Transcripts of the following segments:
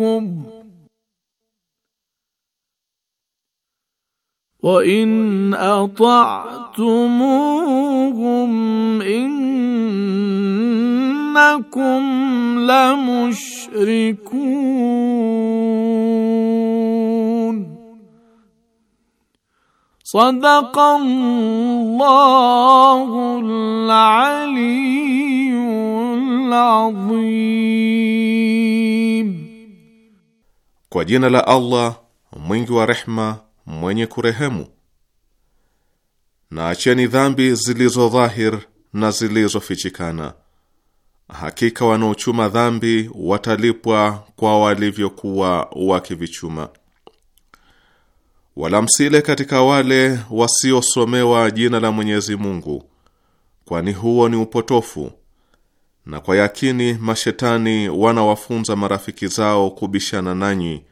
ربكم وإن أطعتموهم إنكم لمشركون صدق الله العلي العظيم Kwa jina la Allah mwingi wa rehma, mwenye kurehemu. Na acheni dhambi zilizo dhahir na zilizofichikana. Hakika wanaochuma dhambi watalipwa kwa walivyokuwa wakivichuma. Wala msile katika wale wasiosomewa jina la Mwenyezi Mungu, kwani huo ni upotofu na kwa yakini mashetani wanawafunza marafiki zao kubishana nanyi,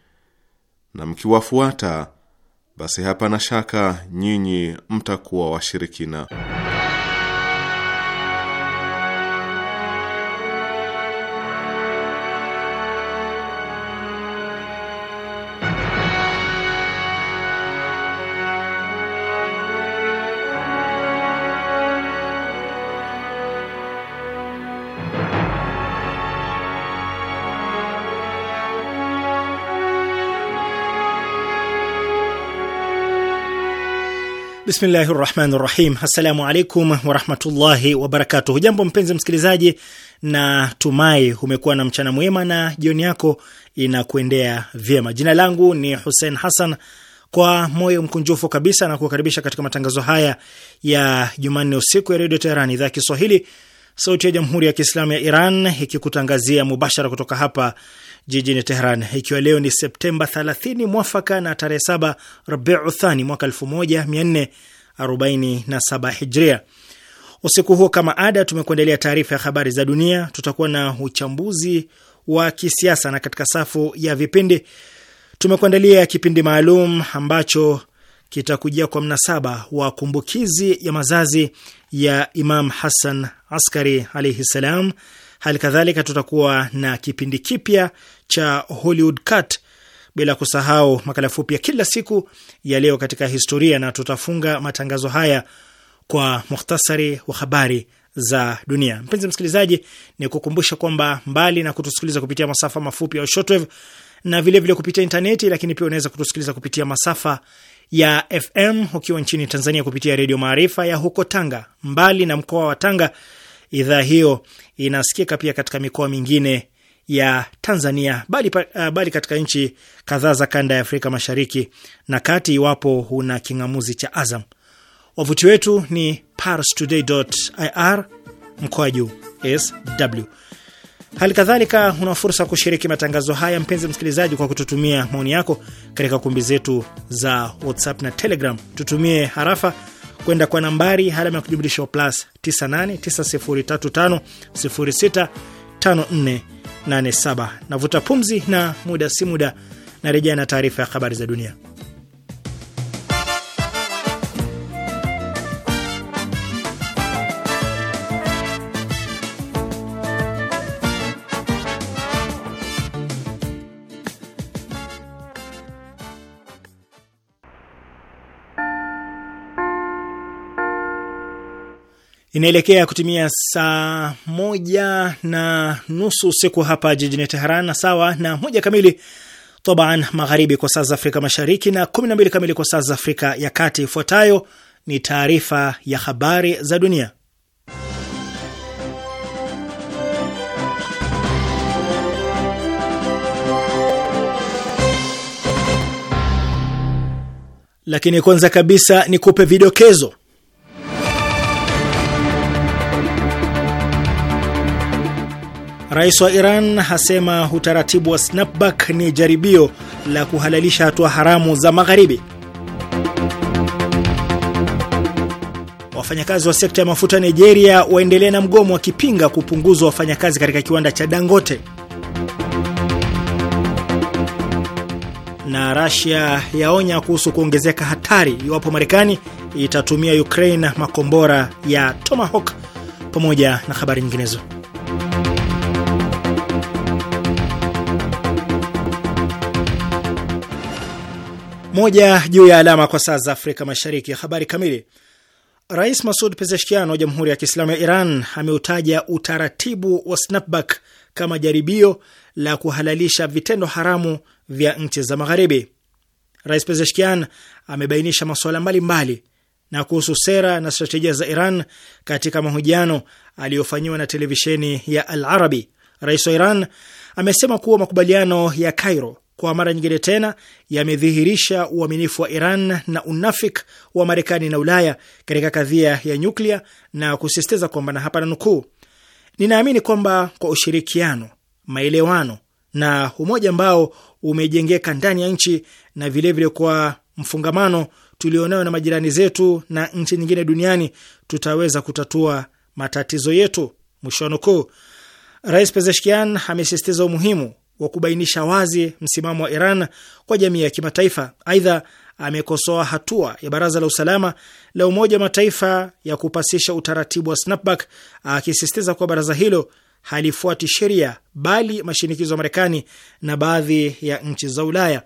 na mkiwafuata, basi hapana shaka nyinyi mtakuwa washirikina. Bismillahi rahmani rahim. Assalamu alaikum warahmatullahi wabarakatuh. Jambo mpenzi msikilizaji, na tumai umekuwa na mchana mwema na jioni yako inakuendea vyema. Jina langu ni Hussein Hassan, kwa moyo mkunjufu kabisa na kukaribisha katika matangazo haya ya Jumanne usiku ya Redio Teheran, idhaa ya Kiswahili, sauti ya Jamhuri ya Kiislamu ya Iran, ikikutangazia mubashara kutoka hapa jijini Tehran, ikiwa leo ni Septemba 30 mwafaka na tarehe 7 Rabiu Thani mwaka 1447 Hijria. Usiku huo kama ada, tumekuandalia taarifa ya habari za dunia, tutakuwa na uchambuzi wa kisiasa, na katika safu ya vipindi tumekuandalia kipindi maalum ambacho kitakujia kwa mnasaba wa kumbukizi ya mazazi ya Imam Hassan Askari alaihi salam Hali kadhalika tutakuwa na kipindi kipya cha Hollywood Cut, bila kusahau makala fupi ya kila siku ya leo katika historia, na tutafunga matangazo haya kwa muhtasari wa habari za dunia. Mpenzi msikilizaji, ni kukumbusha kwamba mbali na kutusikiliza kupitia masafa mafupi au shortwave na vilevile vile kupitia intaneti, lakini pia unaweza kutusikiliza kupitia masafa ya FM ukiwa nchini Tanzania kupitia Redio Maarifa ya huko Tanga. Mbali na mkoa wa Tanga Idhaa hiyo inasikika pia katika mikoa mingine ya Tanzania bali, uh, bali katika nchi kadhaa za kanda ya Afrika Mashariki na Kati, iwapo huna king'amuzi cha Azam. Wavuti wetu ni parstoday.ir mkoa juu sw. Hali kadhalika una fursa kushiriki matangazo haya, mpenzi msikilizaji, kwa kututumia maoni yako katika kumbi zetu za WhatsApp na Telegram. Tutumie harafa kwenda kwa nambari alama ya kujumlisha plus 989035065487. Navuta pumzi na muda si muda narejea na taarifa ya habari za dunia. inaelekea kutimia saa moja na nusu usiku hapa jijini Teheran, na sawa na moja kamili tobaan magharibi kwa saa za Afrika Mashariki na 12 kamili kwa saa za Afrika ya Kati. Ifuatayo ni taarifa ya habari za dunia, lakini kwanza kabisa ni kupe vidokezo Rais wa Iran hasema utaratibu wa snapback ni jaribio la kuhalalisha hatua haramu za Magharibi. Wafanyakazi wa sekta ya mafuta Nigeria waendelea na mgomo wakipinga kupunguzwa wafanyakazi katika kiwanda cha Dangote. Na Rasia yaonya kuhusu kuongezeka hatari iwapo Marekani itatumia Ukraine makombora ya Tomahawk, pamoja na habari nyinginezo. Moja juu ya alama kwa saa za Afrika Mashariki. Habari kamili. Rais Masud Pezeshkian wa Jamhuri ya Kiislamu ya Iran ameutaja utaratibu wa snapback kama jaribio la kuhalalisha vitendo haramu vya nchi za Magharibi. Rais Pezeshkian amebainisha masuala mbalimbali na kuhusu sera na stratejia za Iran katika mahojiano aliyofanyiwa na televisheni ya Al Arabi. Rais wa Iran amesema kuwa makubaliano ya Cairo kwa mara nyingine tena yamedhihirisha uaminifu wa Iran na unafik wa Marekani na Ulaya katika kadhia ya nyuklia na kusisitiza kwamba, na hapa nukuu, ninaamini kwamba kwa ushirikiano, maelewano na umoja ambao umejengeka ndani ya nchi na vilevile vile kwa mfungamano tulionayo na majirani zetu na nchi nyingine duniani tutaweza kutatua matatizo yetu, mwisho wa nukuu. Rais Pezeshkian amesisitiza umuhimu wa kubainisha wazi msimamo wa Iran kwa jamii ya kimataifa. Aidha, amekosoa hatua ya Baraza la Usalama la Umoja wa Mataifa ya kupasisha utaratibu wa snapback, akisisitiza kuwa baraza hilo halifuati sheria bali mashinikizo ya Marekani na baadhi ya nchi za Ulaya,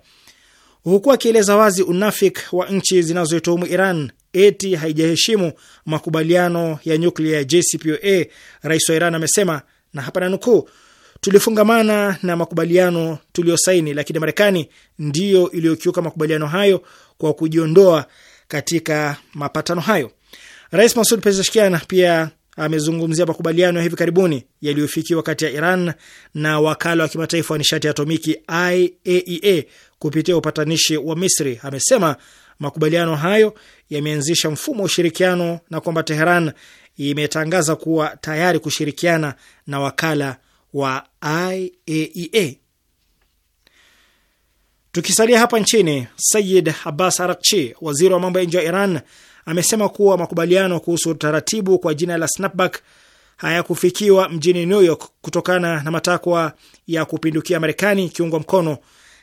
huku akieleza wazi unafik wa nchi zinazoituhumu Iran eti haijaheshimu makubaliano ya nyuklia ya JCPOA. Rais wa Iran amesema na hapa nanukuu: tulifungamana na makubaliano tuliyosaini, lakini Marekani ndiyo iliyokiuka makubaliano hayo kwa kujiondoa katika mapatano hayo. Rais Masud Pezeshkian pia amezungumzia makubaliano ya hivi karibuni yaliyofikiwa kati ya Iran na wakala wa kimataifa wa nishati ya atomiki IAEA e kupitia upatanishi wa Misri. Amesema makubaliano hayo yameanzisha mfumo wa ushirikiano na kwamba Teheran imetangaza kuwa tayari kushirikiana na wakala wa IAEA. E Tukisalia hapa nchini, Sayid Abbas Arakchi, waziri wa mambo ya nje wa Iran, amesema kuwa makubaliano kuhusu taratibu kwa jina la snapback hayakufikiwa mjini New York kutokana na matakwa ya kupindukia Marekani ikiungwa mkono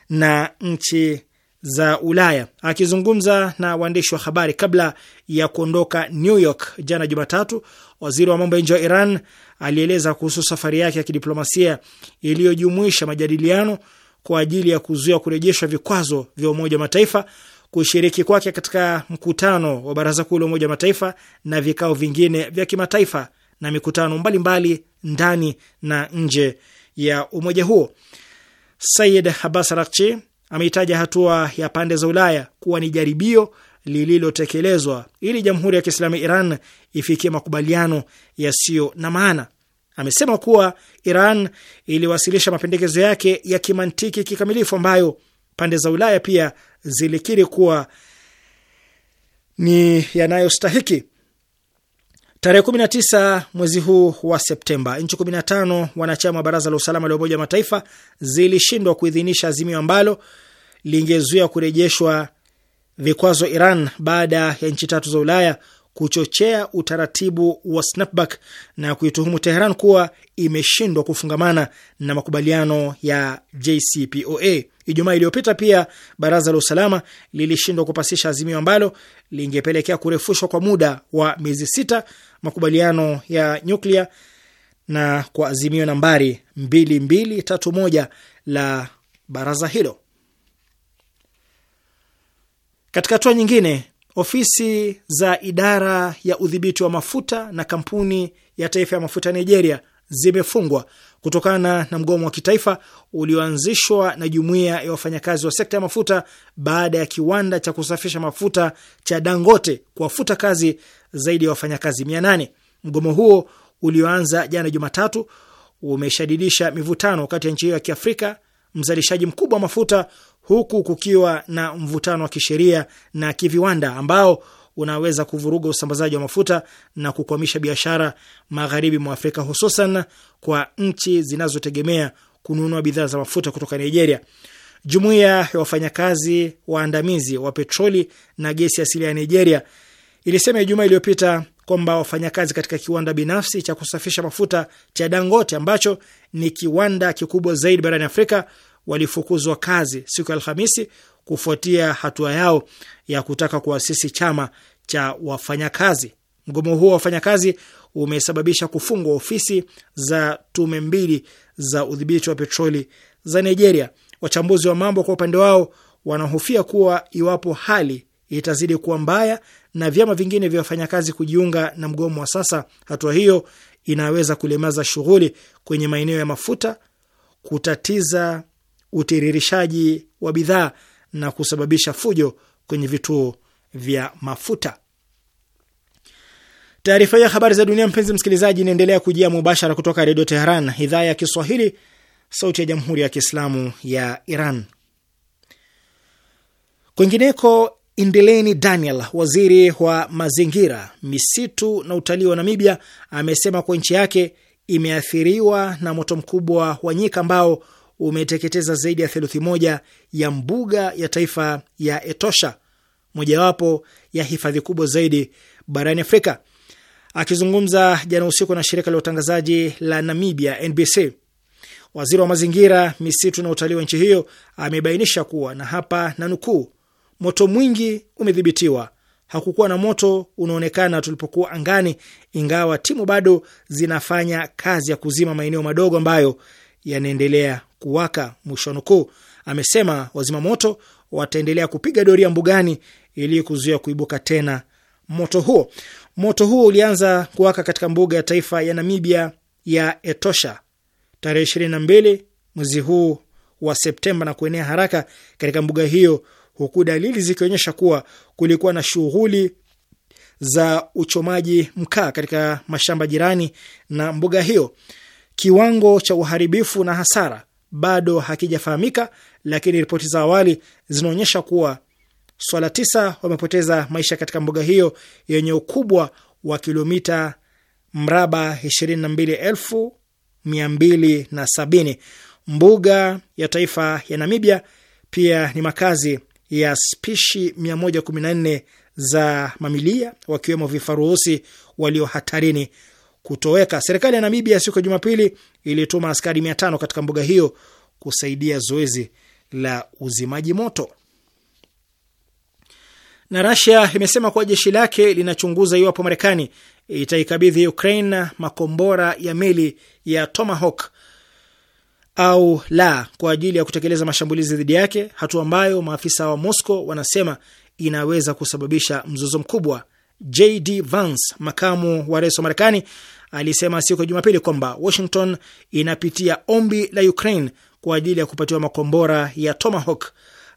na nchi za Ulaya. Akizungumza na waandishi wa habari kabla ya kuondoka New York jana Jumatatu, waziri wa mambo ya nje wa Iran alieleza kuhusu safari yake ya kidiplomasia iliyojumuisha majadiliano kwa ajili ya kuzuia kurejeshwa vikwazo vya Umoja wa Mataifa, kushiriki kwake katika mkutano wa Baraza Kuu la Umoja wa Mataifa na vikao vingine vya kimataifa na mikutano mbalimbali mbali ndani na nje ya umoja huo. Sayid Abbas Araghchi ameitaja hatua ya pande za Ulaya kuwa ni jaribio lililotekelezwa ili Jamhuri ya Kiislamu ya Iran ifikie makubaliano yasiyo na maana. Amesema kuwa Iran iliwasilisha mapendekezo yake ya kimantiki kikamilifu, ambayo pande za Ulaya pia zilikiri kuwa ni yanayostahiki. Tarehe 19 mwezi huu wa Septemba, nchi 15 wanachama wa Baraza la Usalama la Umoja wa Mataifa zilishindwa kuidhinisha azimio ambalo lingezuia kurejeshwa vikwazo Iran baada ya nchi tatu za Ulaya kuchochea utaratibu wa snapback na kuituhumu Teheran kuwa imeshindwa kufungamana na makubaliano ya JCPOA. Ijumaa iliyopita pia baraza la usalama lilishindwa kupasisha azimio ambalo lingepelekea kurefushwa kwa muda wa miezi sita makubaliano ya nyuklia na kwa azimio nambari 2231 la baraza hilo. Katika hatua nyingine, ofisi za idara ya udhibiti wa mafuta na kampuni ya taifa ya mafuta Nigeria zimefungwa kutokana na mgomo wa kitaifa ulioanzishwa na jumuiya ya wafanyakazi wa sekta ya mafuta baada ya kiwanda cha kusafisha mafuta cha Dangote kuwafuta kazi zaidi ya wafanyakazi mia nane. Mgomo huo ulioanza jana Jumatatu umeshadidisha mivutano kati ya nchi hiyo ya Kiafrika, mzalishaji mkubwa wa mafuta, huku kukiwa na mvutano wa kisheria na kiviwanda ambao unaweza kuvuruga usambazaji wa mafuta na kukwamisha biashara magharibi mwa Afrika, hususan kwa nchi zinazotegemea kununua bidhaa za mafuta kutoka Nigeria. Jumuiya ya wafanyakazi waandamizi wa petroli na gesi asili ya Nigeria ilisema Ijumaa iliyopita kwamba wafanyakazi katika kiwanda binafsi cha kusafisha mafuta cha Dangote ambacho ni kiwanda kikubwa zaidi barani Afrika walifukuzwa kazi siku ya Alhamisi kufuatia hatua yao ya kutaka kuasisi chama cha wafanyakazi. Mgomo huo wa wafanyakazi umesababisha kufungwa ofisi za tume mbili za udhibiti wa petroli za Nigeria. Wachambuzi wa mambo kwa upande wao wanahofia kuwa iwapo hali itazidi kuwa mbaya na vyama vingine vya wafanyakazi kujiunga na mgomo wa sasa, hatua hiyo inaweza kulemaza shughuli kwenye maeneo ya mafuta, kutatiza utiririshaji wa bidhaa na kusababisha fujo kwenye vituo vya mafuta. Taarifa ya habari za dunia, mpenzi msikilizaji, inaendelea kujia mubashara kutoka Redio Teheran, idhaa ya Kiswahili, sauti ya jamhuri ya kiislamu ya Iran. Kwingineko, Indeleni Daniel, waziri wa mazingira, misitu na utalii wa Namibia, amesema kuwa nchi yake imeathiriwa na moto mkubwa wa nyika ambao umeteketeza zaidi ya theluthi moja ya mbuga ya taifa ya Etosha, mojawapo ya hifadhi kubwa zaidi barani Afrika. Akizungumza jana usiku na shirika la utangazaji la Namibia, NBC, waziri wa mazingira, misitu na utalii wa nchi hiyo amebainisha kuwa, na hapa na nukuu, moto mwingi umedhibitiwa, hakukuwa na moto unaonekana tulipokuwa angani, ingawa timu bado zinafanya kazi ya kuzima maeneo madogo ambayo yanaendelea kuwaka, mwisho nukuu. Amesema wazima moto wataendelea kupiga doria mbugani ili kuzuia kuibuka tena moto huo. Moto huo ulianza kuwaka katika mbuga ya taifa ya Namibia ya Etosha tarehe ishirini na mbili mwezi huu wa Septemba na kuenea haraka katika mbuga hiyo, huku dalili zikionyesha kuwa kulikuwa na shughuli za uchomaji mkaa katika mashamba jirani na mbuga hiyo. Kiwango cha uharibifu na hasara bado hakijafahamika, lakini ripoti za awali zinaonyesha kuwa swala tisa wamepoteza maisha katika mbuga hiyo yenye ukubwa wa kilomita mraba 22,270. Mbuga ya taifa ya Namibia pia ni makazi ya spishi 114 za mamilia wakiwemo vifaruhusi walio hatarini kutoweka. Serikali ya Namibia siku ya Jumapili ilituma askari mia tano katika mbuga hiyo kusaidia zoezi la uzimaji moto. Na Rasia imesema kuwa jeshi lake linachunguza iwapo Marekani itaikabidhi Ukraine makombora ya meli ya Tomahawk au la kwa ajili ya kutekeleza mashambulizi dhidi yake, hatua ambayo maafisa wa Moscow wanasema inaweza kusababisha mzozo mkubwa. JD Vance, makamu wa rais wa Marekani, alisema siku ya Jumapili kwamba Washington inapitia ombi la Ukraine kwa ajili ya kupatiwa makombora ya Tomahawk.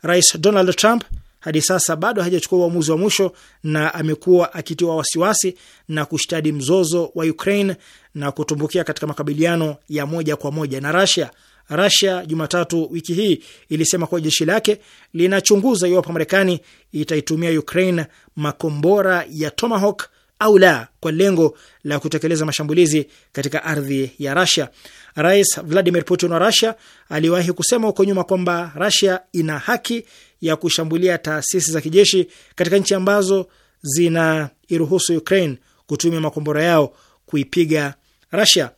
Rais Donald Trump hadi sasa bado hajachukua uamuzi wa mwisho na amekuwa akitiwa wasiwasi na kushtadi mzozo wa Ukraine na kutumbukia katika makabiliano ya moja kwa moja na Russia. Russia Jumatatu wiki hii ilisema kuwa jeshi lake linachunguza iwapo Marekani itaitumia Ukraine makombora ya Tomahawk au la kwa lengo la kutekeleza mashambulizi katika ardhi ya Russia. Rais Vladimir Putin wa Russia aliwahi kusema huko nyuma kwamba Russia ina haki ya kushambulia taasisi za kijeshi katika nchi ambazo zinairuhusu Ukraine kutumia makombora yao kuipiga Russia.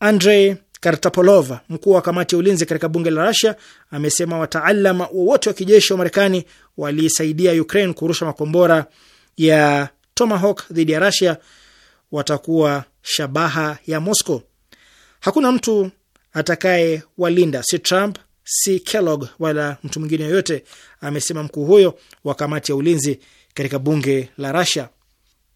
Andrei Kartapolov, mkuu wa kamati ya ulinzi katika bunge la Russia, amesema wataalam wowote wa kijeshi wa Marekani waliisaidia Ukraine kurusha makombora ya Tomahawk dhidi ya Russia watakuwa shabaha ya Moscow. Hakuna mtu atakaye walinda, si Trump, si Kellogg wala mtu mwingine yoyote, amesema mkuu huyo wa kamati ya ulinzi katika bunge la Russia.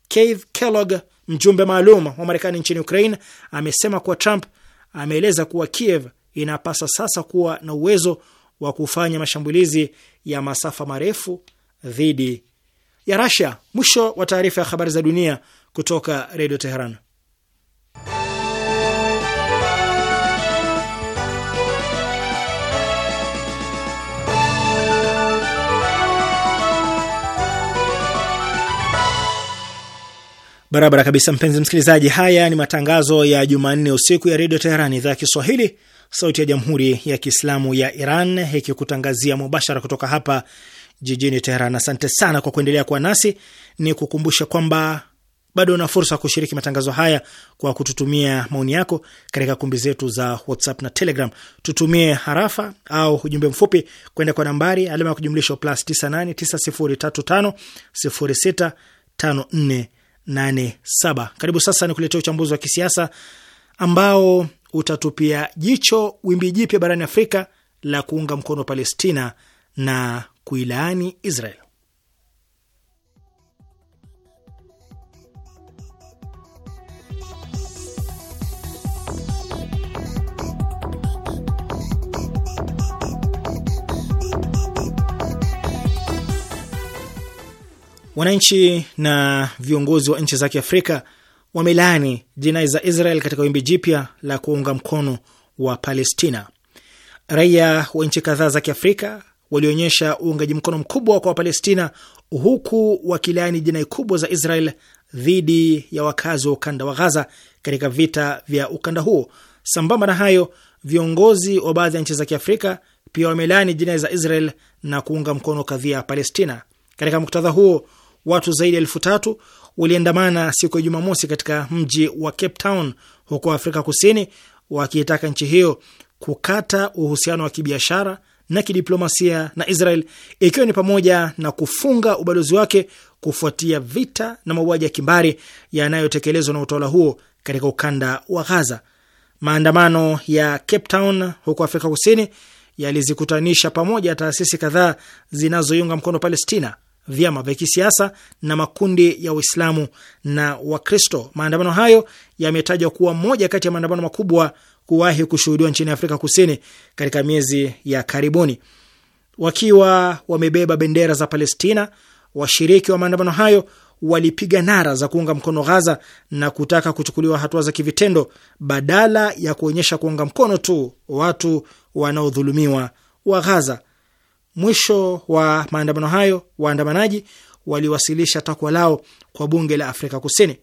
Keith Kellogg, mjumbe maalum wa Marekani nchini Ukraine, amesema kuwa Trump ameeleza kuwa Kiev inapasa sasa kuwa na uwezo wa kufanya mashambulizi ya masafa marefu dhidi ya Rasia. Mwisho wa taarifa ya habari za dunia kutoka Redio Teheran. Barabara kabisa, mpenzi msikilizaji. Haya ni matangazo ya Jumanne usiku ya Redio Teheran, idhaa ya Kiswahili, sauti ya Jamhuri ya Kiislamu ya Iran, ikikutangazia mubashara kutoka hapa jijini Teheran. Asante sana kwa kuendelea kuwa nasi. Ni kukumbusha kwamba bado una fursa ya kushiriki matangazo haya kwa kututumia maoni yako katika kumbi zetu za WhatsApp na Telegram. Tutumie harafa au ujumbe mfupi kwenda kwa nambari alama ya kujumlisha plus 989035065487. Karibu sasa ni kuletea uchambuzi wa kisiasa ambao utatupia jicho wimbi jipya barani Afrika la kuunga mkono Palestina na kuilaani Israel. Wananchi na viongozi wa nchi za Kiafrika wamelaani jinai za Israel katika wimbi jipya la kuunga mkono wa Palestina. Raia wa nchi kadhaa za Kiafrika walionyesha uungaji mkono mkubwa kwa Wapalestina huku wakilaani jinai kubwa za Israel dhidi ya wakazi wa ukanda wa Ghaza katika vita vya ukanda huo. Sambamba na hayo, viongozi wa baadhi ya nchi za Kiafrika pia wamelaani jinai za Israel na kuunga mkono kadhia ya Palestina. Katika muktadha huo, watu zaidi ya elfu tatu waliandamana siku ya Jumamosi katika mji wa Cape Town huko Afrika Kusini, wakiitaka nchi hiyo kukata uhusiano wa kibiashara na kidiplomasia na Israel ikiwa ni pamoja na kufunga ubalozi wake kufuatia vita na mauaji ya kimbari yanayotekelezwa na utawala huo katika ukanda wa Gaza. Maandamano ya Cape Town huko Afrika Kusini yalizikutanisha pamoja taasisi kadhaa zinazoiunga mkono Palestina vyama vya kisiasa na makundi ya Waislamu na Wakristo. Maandamano hayo yametajwa kuwa moja kati ya maandamano makubwa kuwahi kushuhudiwa nchini Afrika Kusini katika miezi ya karibuni. Wakiwa wamebeba bendera za Palestina, washiriki wa maandamano hayo walipiga nara za kuunga mkono Ghaza na kutaka kuchukuliwa hatua za kivitendo badala ya kuonyesha kuunga mkono tu watu wanaodhulumiwa wa Ghaza. Mwisho wa maandamano hayo, waandamanaji waliwasilisha takwa lao kwa bunge la Afrika Kusini.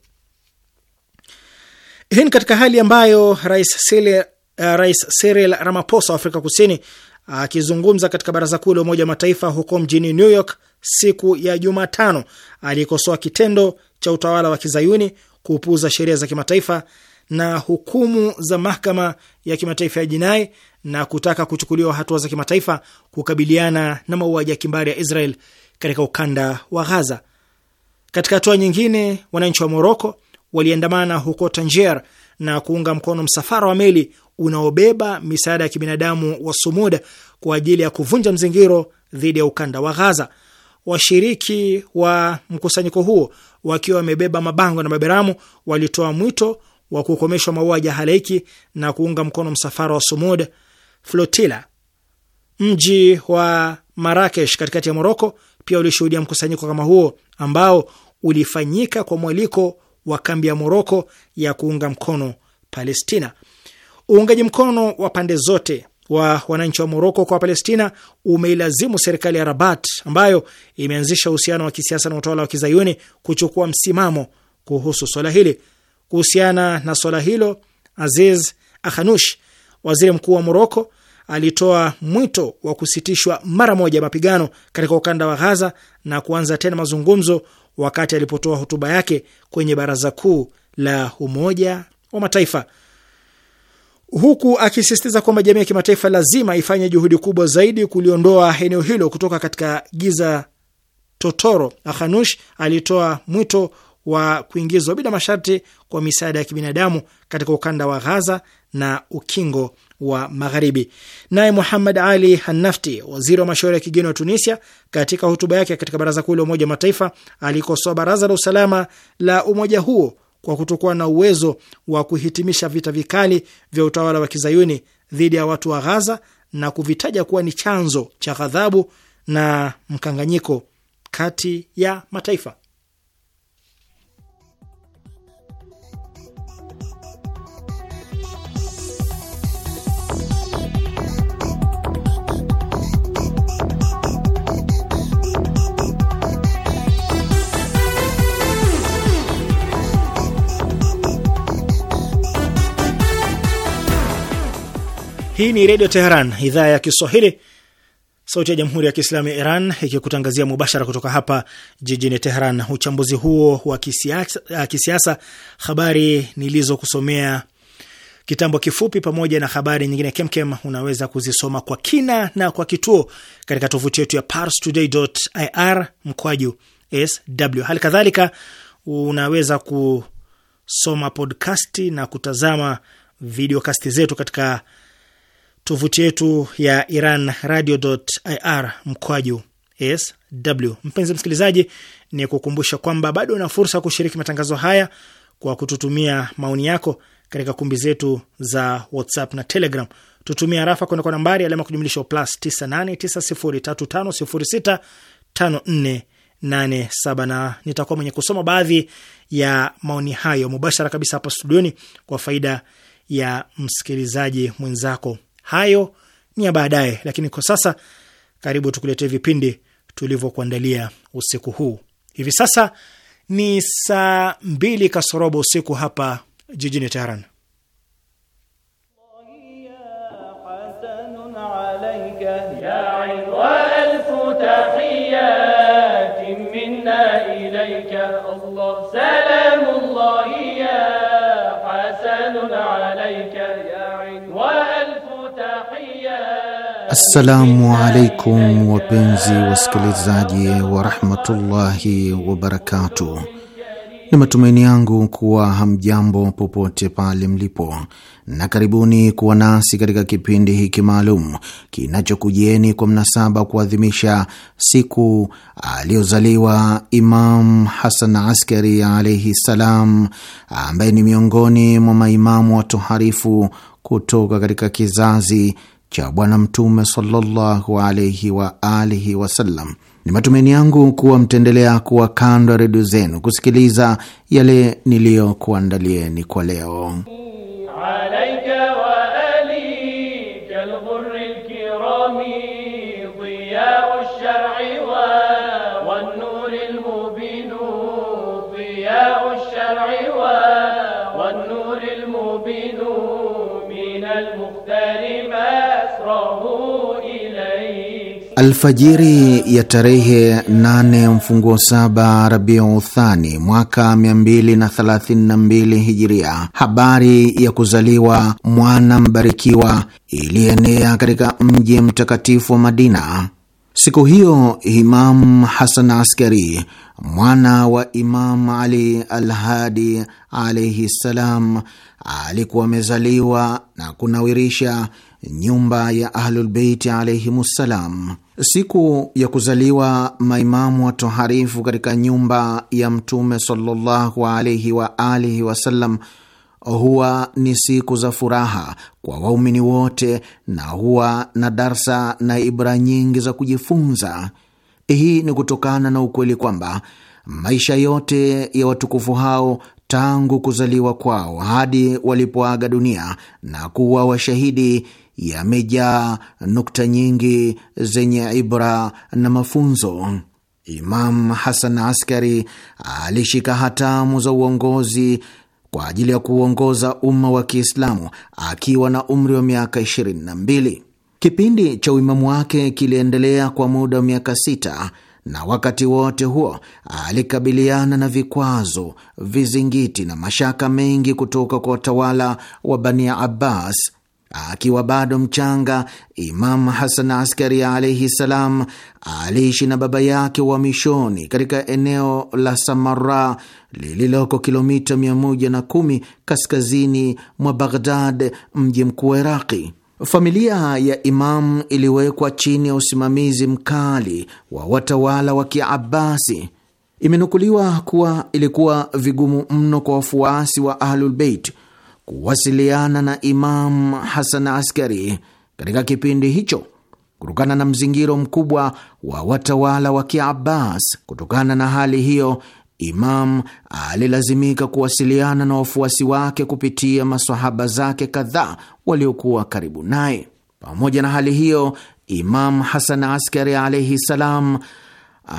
Hii ni katika hali ambayo rais siril uh, rais Cyril Ramaphosa wa Afrika Kusini akizungumza uh, katika baraza kuu la Umoja wa Mataifa huko mjini New York siku ya Jumatano alikosoa kitendo cha utawala wa kizayuni kupuuza sheria za kimataifa na hukumu za mahakama ya kimataifa ya jinai na kutaka kuchukuliwa hatua za kimataifa kukabiliana na mauaji ya kimbari ya Israel katika ukanda wa Ghaza. Katika hatua nyingine, wananchi wa Moroko waliandamana huko Tangier na kuunga mkono msafara wa meli unaobeba misaada ya kibinadamu wa Sumuda kwa ajili ya kuvunja mzingiro dhidi ya ukanda wa Ghaza. Washiriki wa mkusanyiko huo wakiwa wamebeba mabango na maberamu, walitoa mwito wa kukomeshwa mauaji ya halaiki na kuunga mkono msafara wa Sumuda Flotila. Mji wa Marakesh katikati ya Moroko pia ulishuhudia mkusanyiko kama huo ambao ulifanyika kwa mwaliko wa kambi ya Moroko ya kuunga mkono Palestina. Uungaji mkono wa pande zote wa wananchi wa Moroko kwa Palestina umeilazimu serikali ya Rabat ambayo imeanzisha uhusiano wa kisiasa na utawala wa kizayuni kuchukua msimamo kuhusu swala hili. Kuhusiana na swala hilo, Aziz Akhanush Waziri mkuu wa Moroko alitoa mwito wa kusitishwa mara moja mapigano katika ukanda wa Ghaza na kuanza tena mazungumzo wakati alipotoa hotuba yake kwenye baraza kuu la Umoja wa Mataifa, huku akisisitiza kwamba jamii ya kimataifa lazima ifanye juhudi kubwa zaidi kuliondoa eneo hilo kutoka katika giza totoro. Akhanush alitoa mwito wa kuingizwa bila masharti kwa misaada ya kibinadamu katika ukanda wa Ghaza na ukingo wa Magharibi. Naye Muhammad Ali Hanafti, waziri wa mashauri ya kigeni wa Tunisia, katika hotuba yake katika baraza kuu la Umoja wa Mataifa alikosoa baraza la usalama la umoja huo kwa kutokuwa na uwezo wa kuhitimisha vita vikali vya utawala wa kizayuni dhidi ya watu wa Ghaza na kuvitaja kuwa ni chanzo cha ghadhabu na mkanganyiko kati ya mataifa. Hii ni Redio Teheran, idhaa ya Kiswahili, sauti ya Jamhuri ya Kiislamu ya Iran, ikikutangazia mubashara kutoka hapa jijini Teheran. Uchambuzi huo wa kisiasa, eh, kisiasa habari nilizokusomea kitambo kifupi pamoja na habari nyingine kemkem unaweza kuzisoma kwa kina na kwa kituo katika tovuti yetu ya parstoday.ir mkwaju sw. Hali kadhalika unaweza kusoma podcasti na kutazama videokasti zetu katika tovuti yetu ya Iran ir mkwaju sw. Mpenzi msikilizaji, ni kukumbusha kwamba bado una fursa ya kushiriki matangazo haya kwa kututumia maoni yako katika kumbi zetu za WhatsApp na Telegram. Tutumia harafa kwenda kwa nambari alama kujumlisha plus 989035065487 na nitakuwa mwenye kusoma baadhi ya maoni hayo mubashara kabisa hapa studioni kwa faida ya msikilizaji mwenzako. Hayo ni ya baadaye, lakini kwa sasa karibu tukuletee vipindi tulivyokuandalia usiku huu. Hivi sasa ni saa mbili kasorobo usiku hapa jijini Teheran. Assalamu alaikum wapenzi wasikilizaji wa rahmatullahi wabarakatuh. Ni matumaini yangu kuwa hamjambo popote pale mlipo, na karibuni kuwa nasi katika kipindi hiki maalum kinachokujieni kwa mnasaba kuadhimisha siku aliyozaliwa Imam Hasan Askari alaihi ssalam, ambaye ni miongoni mwa maimamu watoharifu kutoka katika kizazi cha Bwana Mtume sallallahu alaihi wa alihi wasallam. Ni matumaini yangu kuwa mtaendelea kuwa kando ya redio zenu kusikiliza yale niliyokuandalieni kwa leo. Alfajiri ya tarehe 8 mfunguo saba Rabiu Uthani mwaka 232 Hijiria, habari ya kuzaliwa mwana mbarikiwa ilienea katika mji mtakatifu wa Madina. Siku hiyo imam Hasan Askari mwana wa Imam Ali Alhadi alaihi ssalam alikuwa amezaliwa na kunawirisha nyumba ya Ahlulbeiti alaihimussalam. Siku ya kuzaliwa maimamu watoharifu katika nyumba ya Mtume sallallahu alaihi wa alihi wasallam huwa ni siku za furaha kwa waumini wote na huwa na darsa na ibra nyingi za kujifunza. Hii ni kutokana na ukweli kwamba maisha yote ya watukufu hao tangu kuzaliwa kwao hadi walipoaga dunia na kuwa washahidi yamejaa nukta nyingi zenye ibra na mafunzo. Imam Hasan Askari alishika hatamu za uongozi kwa ajili ya kuuongoza umma wa Kiislamu akiwa na umri wa miaka 22. Kipindi cha uimamu wake kiliendelea kwa muda wa miaka sita, na wakati wote huo alikabiliana na vikwazo, vizingiti na mashaka mengi kutoka kwa watawala wa Bani Abbas Akiwa bado mchanga, Imam Hasan Askari alaihi salam aliishi na baba yake mishoni katika eneo la Samara lililoko kilomita 110 kaskazini mwa Baghdad, mji mkuu wa Iraqi. Familia ya Imam iliwekwa chini ya usimamizi mkali wa watawala wa Kiabasi. Imenukuliwa kuwa ilikuwa vigumu mno kwa wafuasi wa Ahlulbeit kuwasiliana na Imam Hasan Askari katika kipindi hicho kutokana na mzingiro mkubwa wa watawala wa Kiabbas. Kutokana na hali hiyo, Imam alilazimika kuwasiliana na wafuasi wake kupitia masahaba zake kadhaa waliokuwa karibu naye. Pamoja na hali hiyo, Imam Hasan Askari alaihi salam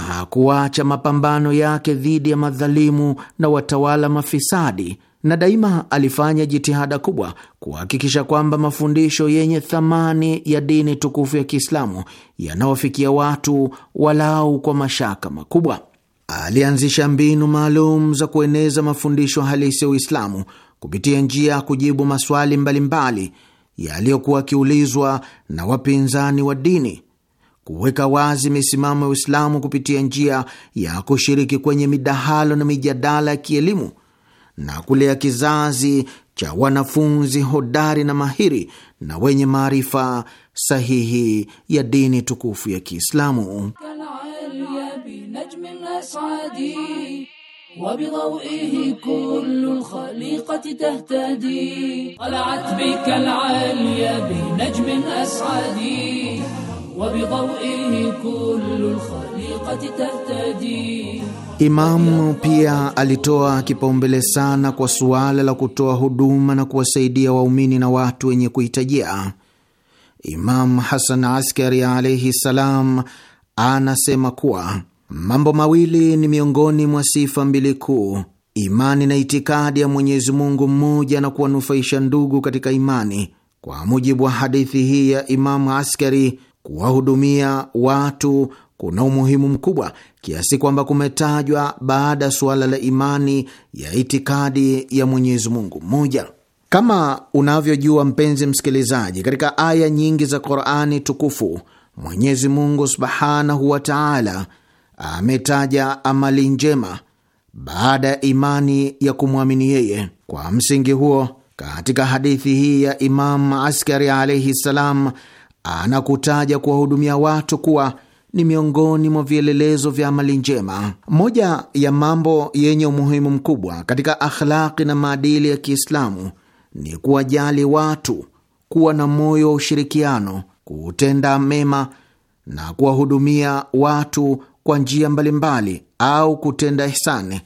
hakuacha mapambano yake dhidi ya madhalimu na watawala mafisadi na daima alifanya jitihada kubwa kuhakikisha kwamba mafundisho yenye thamani ya dini tukufu ya Kiislamu yanawafikia watu walau kwa mashaka makubwa. Alianzisha mbinu maalum za kueneza mafundisho halisi ya Uislamu kupitia njia ya kujibu maswali mbalimbali yaliyokuwa akiulizwa na wapinzani wa dini, kuweka wazi misimamo ya Uislamu kupitia njia ya kushiriki kwenye midahalo na mijadala ya kielimu na kulea kizazi cha wanafunzi hodari na mahiri na wenye maarifa sahihi ya dini tukufu ya Kiislamu. Imamu pia alitoa kipaumbele sana kwa suala la kutoa huduma na kuwasaidia waumini na watu wenye kuhitajia. Imamu Hasan Askari alaihi salam anasema kuwa mambo mawili ni miongoni mwa sifa mbili kuu: imani na itikadi ya Mwenyezi Mungu mmoja na kuwanufaisha ndugu katika imani. Kwa mujibu wa hadithi hii ya Imamu Askari, kuwahudumia watu kuna umuhimu mkubwa kiasi kwamba kumetajwa baada ya suala la imani ya itikadi ya Mwenyezi Mungu mmoja. Kama unavyojua mpenzi msikilizaji, katika aya nyingi za Qurani tukufu Mwenyezi Mungu subhanahu wa taala ametaja amali njema baada ya imani ya kumwamini yeye. Kwa msingi huo, katika hadithi hii ya imamu Askari alaihi ssalam anakutaja kuwahudumia watu kuwa ni miongoni mwa vielelezo vya amali njema. Moja ya mambo yenye umuhimu mkubwa katika akhlaki na maadili ya Kiislamu ni kuwajali watu, kuwa na moyo wa ushirikiano, kutenda mema na kuwahudumia watu kwa njia mbalimbali au kutenda hisani,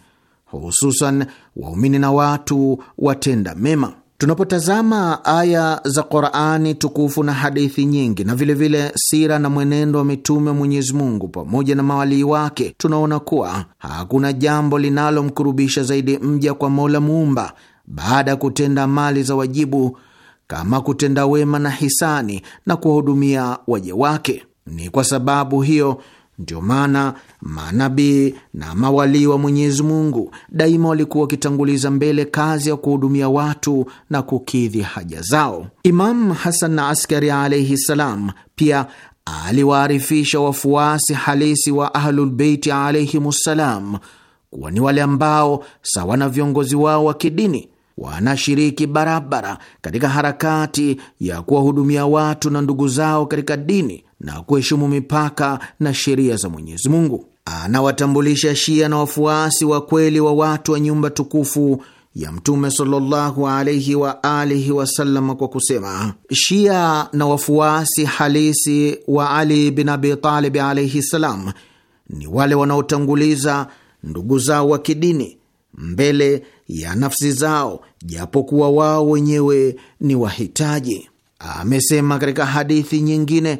hususan waumini na watu watenda mema. Tunapotazama aya za Qurani tukufu na hadithi nyingi na vilevile vile sira na mwenendo wa mitume wa Mwenyezi Mungu pamoja na mawalii wake, tunaona kuwa hakuna jambo linalomkurubisha zaidi mja kwa Mola Muumba baada ya kutenda mali za wajibu kama kutenda wema na hisani na kuwahudumia waja wake. Ni kwa sababu hiyo ndio maana manabii na mawalii wa Mwenyezi Mungu daima walikuwa wakitanguliza mbele kazi ya kuhudumia watu na kukidhi haja zao. Imamu Hasan na Askari alaihi salam pia aliwaarifisha wafuasi halisi wa Ahlulbeiti alaihim ssalam kuwa ni wale ambao sawa na viongozi wao wa kidini wanashiriki barabara katika harakati ya kuwahudumia watu na ndugu zao katika dini na kuheshimu mipaka na sheria za Mwenyezi Mungu. Anawatambulisha Shia na wafuasi wa kweli wa watu wa nyumba tukufu ya Mtume sallallahu alaihi wa alihi wasallam kwa kusema, Shia na wafuasi halisi wa Ali bin Abi Talib alaihi ssalam ni wale wanaotanguliza ndugu zao wa kidini mbele ya nafsi zao, japokuwa wao wenyewe ni wahitaji. Amesema katika hadithi nyingine,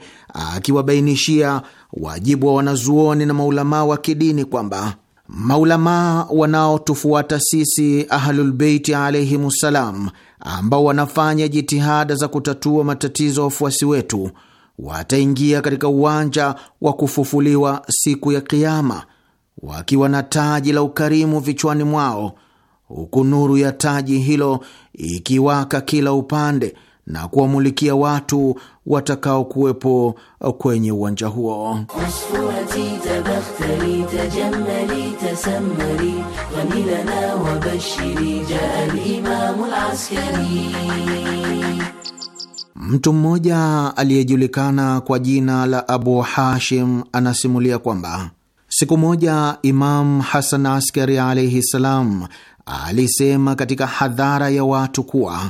akiwabainishia wajibu wa wanazuoni na maulamaa wa kidini kwamba maulamaa wanaotufuata sisi Ahlulbeiti alaihimussalam, ambao wanafanya jitihada za kutatua matatizo ya wafuasi wetu wataingia katika uwanja wa kufufuliwa siku ya Kiama wakiwa na taji la ukarimu vichwani mwao huku nuru ya taji hilo ikiwaka kila upande na kuwamulikia watu watakaokuwepo kwenye uwanja huo. Mtu mmoja aliyejulikana kwa jina la Abu Hashim anasimulia kwamba siku moja Imam Hasan Askari alaihi ssalam alisema katika hadhara ya watu kuwa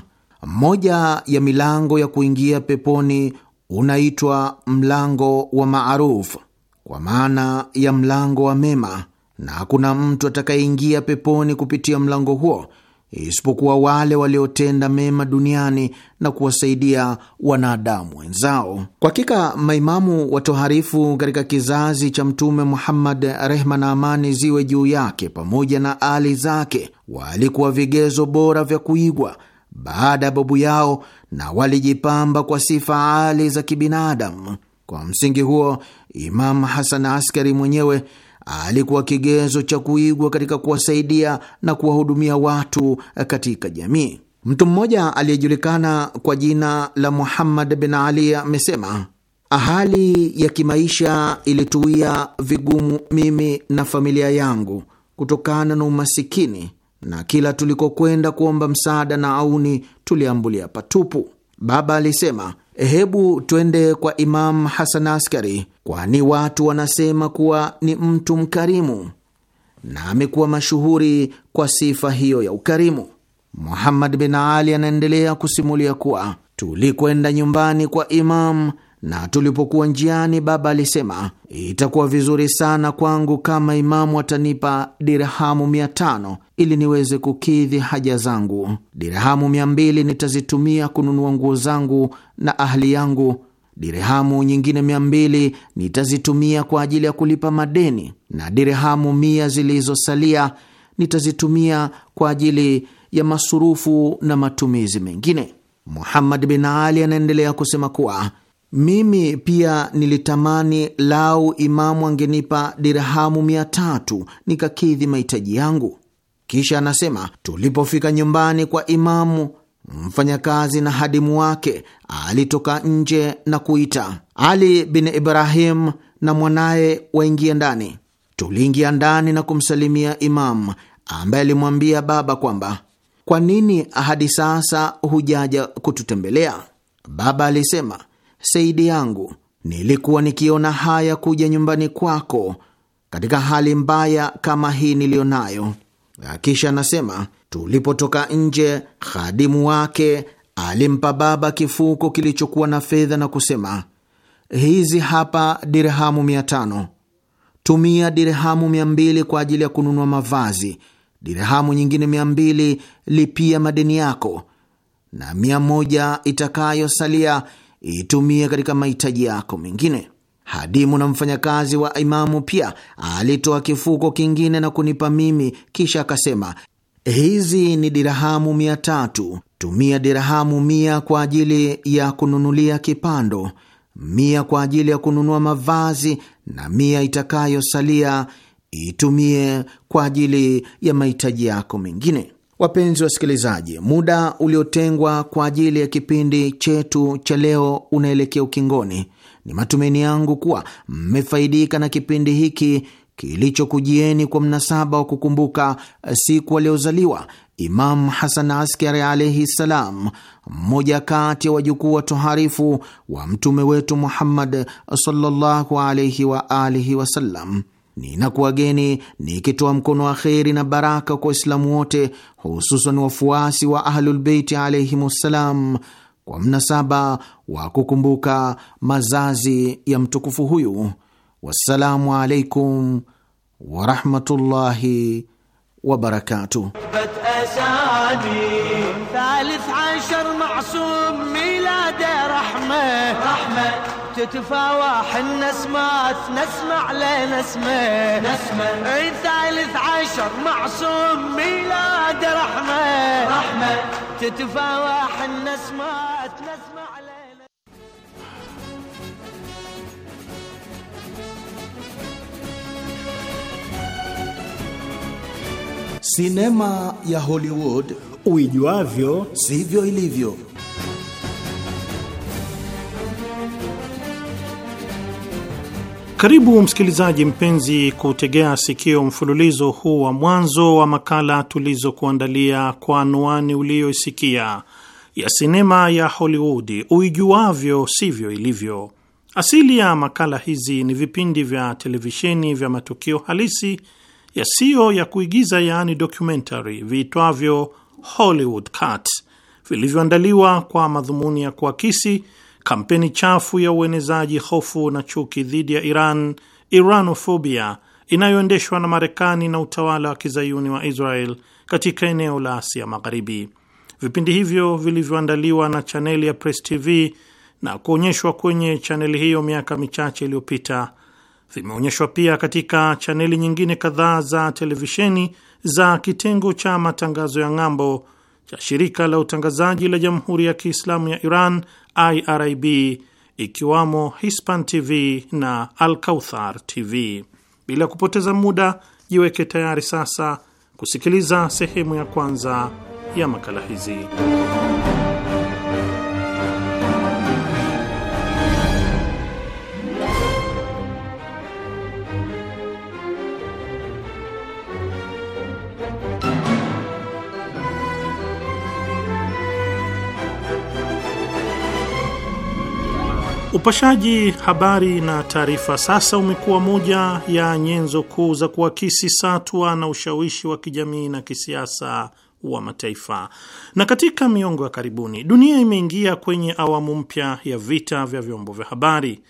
moja ya milango ya kuingia peponi unaitwa mlango wa maaruf kwa maana ya mlango wa mema, na hakuna mtu atakayeingia peponi kupitia mlango huo isipokuwa wale waliotenda mema duniani na kuwasaidia wanadamu wenzao. Kwa hakika maimamu watoharifu katika kizazi cha Mtume Muhammad, rehma na amani ziwe juu yake, pamoja na ali zake, walikuwa vigezo bora vya kuigwa baada ya babu yao, na walijipamba kwa sifa ali za kibinadamu. Kwa msingi huo, Imamu Hasan Askari mwenyewe alikuwa kigezo cha kuigwa katika kuwasaidia na kuwahudumia watu katika jamii. Mtu mmoja aliyejulikana kwa jina la Muhammad bin Ali amesema hali ya kimaisha ilituia vigumu mimi na familia yangu kutokana na umasikini, na kila tulikokwenda kuomba msaada na auni tuliambulia patupu. Baba alisema Eh, hebu twende kwa Imam Hasan Askari, kwani watu wanasema kuwa ni mtu mkarimu na amekuwa mashuhuri kwa sifa hiyo ya ukarimu. Muhammad bin Ali anaendelea kusimulia kuwa tulikwenda nyumbani kwa Imam na tulipokuwa njiani, baba alisema itakuwa vizuri sana kwangu kama imamu atanipa dirhamu mia tano ili niweze kukidhi haja zangu. Dirhamu mia mbili nitazitumia kununua nguo zangu na ahli yangu. dirhamu nyingine mia mbili nitazitumia kwa ajili ya kulipa madeni, na dirhamu mia zilizosalia nitazitumia kwa ajili ya masurufu na matumizi mengine. Muhammad bin Ali anaendelea kusema kuwa mimi pia nilitamani lau imamu angenipa dirhamu mia tatu nikakidhi mahitaji yangu. Kisha anasema tulipofika nyumbani kwa imamu, mfanyakazi na hadimu wake alitoka nje na kuita Ali bin Ibrahim na mwanaye waingie ndani. Tuliingia ndani na kumsalimia imamu ambaye alimwambia baba kwamba kwa nini hadi sasa hujaja kututembelea? Baba alisema Seidi yangu, nilikuwa nikiona haya kuja nyumbani kwako katika hali mbaya kama hii niliyo nayo Kisha anasema tulipotoka nje, khadimu wake alimpa baba kifuko kilichokuwa na fedha na kusema, hizi hapa dirhamu mia tano, tumia dirhamu mia mbili kwa ajili ya kununua mavazi, dirhamu nyingine mia mbili lipia madeni yako, na mia moja itakayosalia itumie katika mahitaji yako mengine. Hadimu na mfanyakazi wa imamu pia alitoa kifuko kingine na kunipa mimi, kisha akasema, hizi ni dirahamu mia tatu. Tumia dirahamu mia kwa ajili ya kununulia kipando, mia kwa ajili ya kununua mavazi, na mia itakayosalia itumie kwa ajili ya mahitaji yako mengine. Wapenzi wasikilizaji, muda uliotengwa kwa ajili ya kipindi chetu cha leo unaelekea ukingoni. Ni matumaini yangu kuwa mmefaidika na kipindi hiki kilichokujieni kwa mnasaba wa kukumbuka siku aliozaliwa Imamu Hasan Askari alaihi ssalam, mmoja kati ya wajukuu watoharifu wa mtume wetu Muhammad sallallahu alaihi waalihi wasallam. Ninakuwageni nikitoa mkono wa kheri na baraka kwa Waislamu wote, hususan wafuasi wa Ahlulbeiti wassalam kwa mnasaba wa kukumbuka mazazi ya mtukufu huyu. Wassalamu alaikum warahmatullahi wabarakatuh. تتفاوح النسمات نسمع لنا اسمه نسمع الثالث عشر معصوم ميلاد رحمة رحمة تتفاوح النسمات نسمع لنا Sinema ya Hollywood uijuavyo سيفيو ilivyo. Karibu msikilizaji mpenzi kutegea sikio mfululizo huu wa mwanzo wa makala tulizokuandalia kwa anwani uliyoisikia ya sinema ya Hollywood uijuavyo sivyo ilivyo. Asili ya makala hizi ni vipindi vya televisheni vya matukio halisi yasiyo ya kuigiza, yaani documentary, viitwavyo Hollywood Cut, vilivyoandaliwa kwa madhumuni ya kuakisi kampeni chafu ya uenezaji hofu na chuki dhidi ya Iran, Iranofobia, inayoendeshwa na Marekani na utawala wa kizayuni wa Israel katika eneo la Asia Magharibi. Vipindi hivyo vilivyoandaliwa na chaneli ya Press TV na kuonyeshwa kwenye chaneli hiyo miaka michache iliyopita vimeonyeshwa pia katika chaneli nyingine kadhaa za televisheni za kitengo cha matangazo ya ng'ambo cha shirika la utangazaji la Jamhuri ya Kiislamu ya Iran IRIB, ikiwamo Hispan TV na Alkauthar TV. Bila kupoteza muda, jiweke tayari sasa kusikiliza sehemu ya kwanza ya makala hizi. Upashaji habari na taarifa sasa umekuwa moja ya nyenzo kuu za kuakisi satwa na ushawishi wa kijamii na kisiasa wa mataifa. Na katika miongo ya karibuni, dunia imeingia kwenye awamu mpya ya vita vya vyombo vya habari.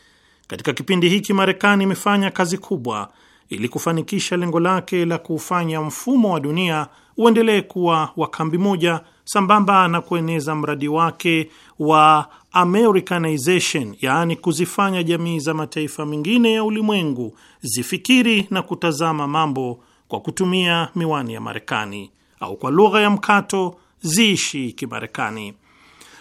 Katika kipindi hiki, Marekani imefanya kazi kubwa ili kufanikisha lengo lake la kuufanya mfumo wa dunia uendelee kuwa wa kambi moja sambamba na kueneza mradi wake wa Americanization, yaani kuzifanya jamii za mataifa mengine ya ulimwengu zifikiri na kutazama mambo kwa kutumia miwani ya Marekani au kwa lugha ya mkato ziishi Kimarekani.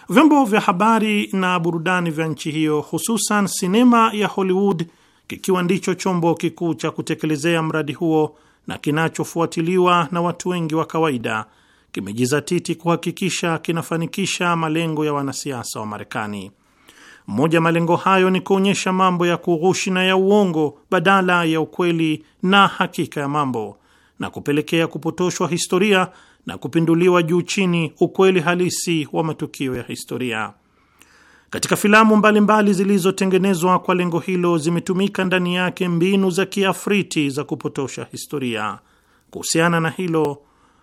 Vyombo vya habari na burudani vya nchi hiyo, hususan sinema ya Hollywood, kikiwa ndicho chombo kikuu cha kutekelezea mradi huo na kinachofuatiliwa na watu wengi wa kawaida kimejizatiti kuhakikisha kinafanikisha malengo ya wanasiasa wa Marekani. Mmoja malengo hayo ni kuonyesha mambo ya kughushi na ya uongo badala ya ukweli na hakika ya mambo, na kupelekea kupotoshwa historia na kupinduliwa juu chini ukweli halisi wa matukio ya historia. Katika filamu mbalimbali zilizotengenezwa kwa lengo hilo zimetumika ndani yake mbinu za kiafriti za kupotosha historia. Kuhusiana na hilo,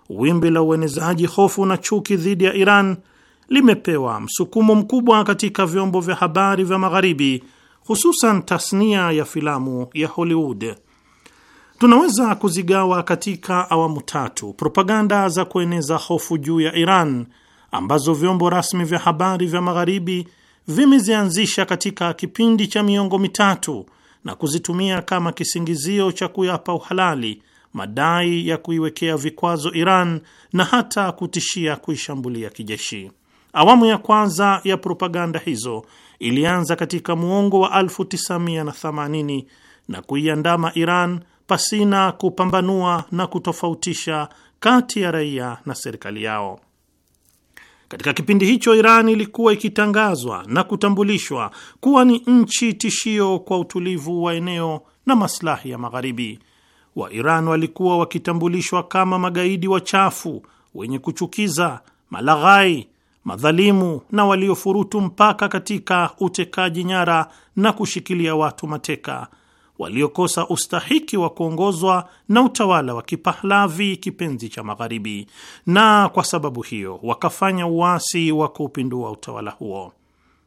wimbi la uenezaji hofu na chuki dhidi ya Iran limepewa msukumo mkubwa katika vyombo vya habari vya Magharibi, hususan tasnia ya filamu ya Hollywood. Tunaweza kuzigawa katika awamu tatu propaganda za kueneza hofu juu ya Iran ambazo vyombo rasmi vya habari vya Magharibi vimezianzisha katika kipindi cha miongo mitatu na kuzitumia kama kisingizio cha kuyapa uhalali madai ya kuiwekea vikwazo Iran na hata kutishia kuishambulia kijeshi. Awamu ya kwanza ya propaganda hizo ilianza katika muongo wa 1980 na kuiandama Iran pasina kupambanua na kutofautisha kati ya raia na serikali yao. Katika kipindi hicho Iran ilikuwa ikitangazwa na kutambulishwa kuwa ni nchi tishio kwa utulivu wa eneo na maslahi ya Magharibi. Wa Iran walikuwa wakitambulishwa kama magaidi wachafu, wenye kuchukiza, malaghai, madhalimu na waliofurutu mpaka katika utekaji nyara na kushikilia watu mateka waliokosa ustahiki wa kuongozwa na utawala wa Kipahlavi, kipenzi cha Magharibi, na kwa sababu hiyo wakafanya uasi wa kuupindua utawala huo.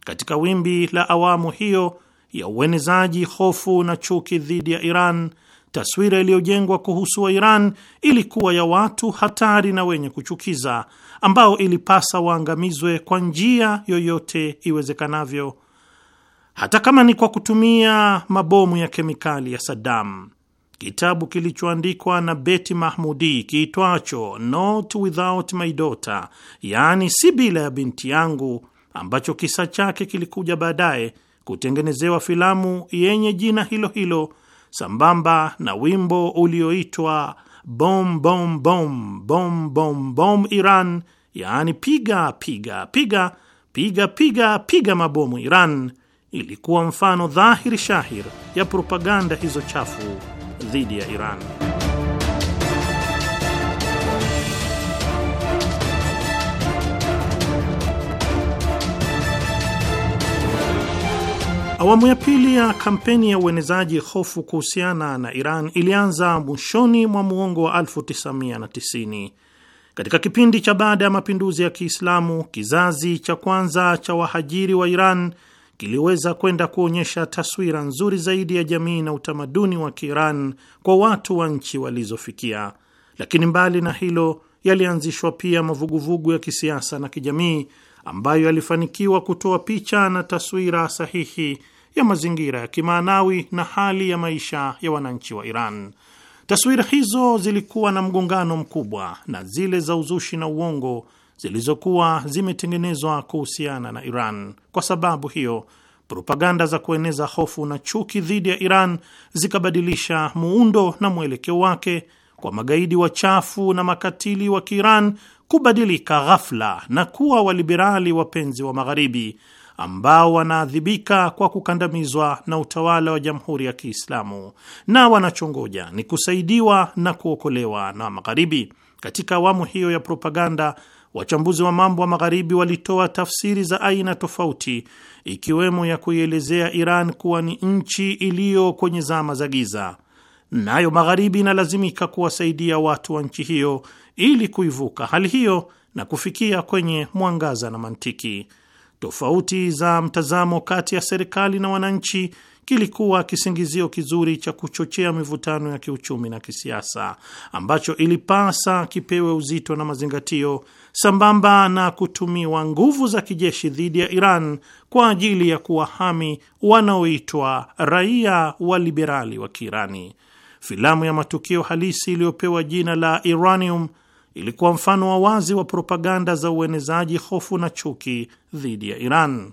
Katika wimbi la awamu hiyo ya uenezaji hofu na chuki dhidi ya Iran, taswira iliyojengwa kuhusu wa Iran ilikuwa ya watu hatari na wenye kuchukiza ambao ilipasa waangamizwe kwa njia yoyote iwezekanavyo hata kama ni kwa kutumia mabomu ya kemikali ya Saddam. Kitabu kilichoandikwa na Beti Mahmudi kiitwacho Not Without My Daughter, yaani si bila ya binti yangu, ambacho kisa chake kilikuja baadaye kutengenezewa filamu yenye jina hilo hilo sambamba na wimbo ulioitwa bom bom bom bom bom bom Iran, yaani piga piga piga piga piga piga mabomu Iran ilikuwa mfano dhahiri shahir ya propaganda hizo chafu dhidi ya Iran. Awamu ya pili ya kampeni ya uenezaji hofu kuhusiana na Iran ilianza mwishoni mwa muongo wa 1990. Katika kipindi cha baada ya mapinduzi ya Kiislamu, kizazi cha kwanza cha wahajiri wa Iran kiliweza kwenda kuonyesha taswira nzuri zaidi ya jamii na utamaduni wa Kiiran kwa watu wa nchi walizofikia. Lakini mbali na hilo, yalianzishwa pia mavuguvugu ya kisiasa na kijamii ambayo yalifanikiwa kutoa picha na taswira sahihi ya mazingira ya kimaanawi na hali ya maisha ya wananchi wa Iran. Taswira hizo zilikuwa na mgongano mkubwa na zile za uzushi na uongo zilizokuwa zimetengenezwa kuhusiana na Iran. Kwa sababu hiyo, propaganda za kueneza hofu na chuki dhidi ya Iran zikabadilisha muundo na mwelekeo wake kwa magaidi wachafu na makatili wa Kiiran kubadilika ghafla na kuwa waliberali wapenzi wa Magharibi ambao wanaadhibika kwa kukandamizwa na utawala wa Jamhuri ya Kiislamu na wanachongoja ni kusaidiwa na kuokolewa na Magharibi. Katika awamu hiyo ya propaganda wachambuzi wa mambo wa Magharibi walitoa tafsiri za aina tofauti, ikiwemo ya kuielezea Iran kuwa ni nchi iliyo kwenye zama za giza, nayo Magharibi inalazimika kuwasaidia watu wa nchi hiyo ili kuivuka hali hiyo na kufikia kwenye mwangaza na mantiki. Tofauti za mtazamo kati ya serikali na wananchi kilikuwa kisingizio kizuri cha kuchochea mivutano ya kiuchumi na kisiasa ambacho ilipasa kipewe uzito na mazingatio sambamba na kutumiwa nguvu za kijeshi dhidi ya Iran kwa ajili ya kuwahami wanaoitwa raia wa liberali wa Kiirani. Filamu ya matukio halisi iliyopewa jina la Iranium ilikuwa mfano wa wazi wa propaganda za uenezaji hofu na chuki dhidi ya Iran.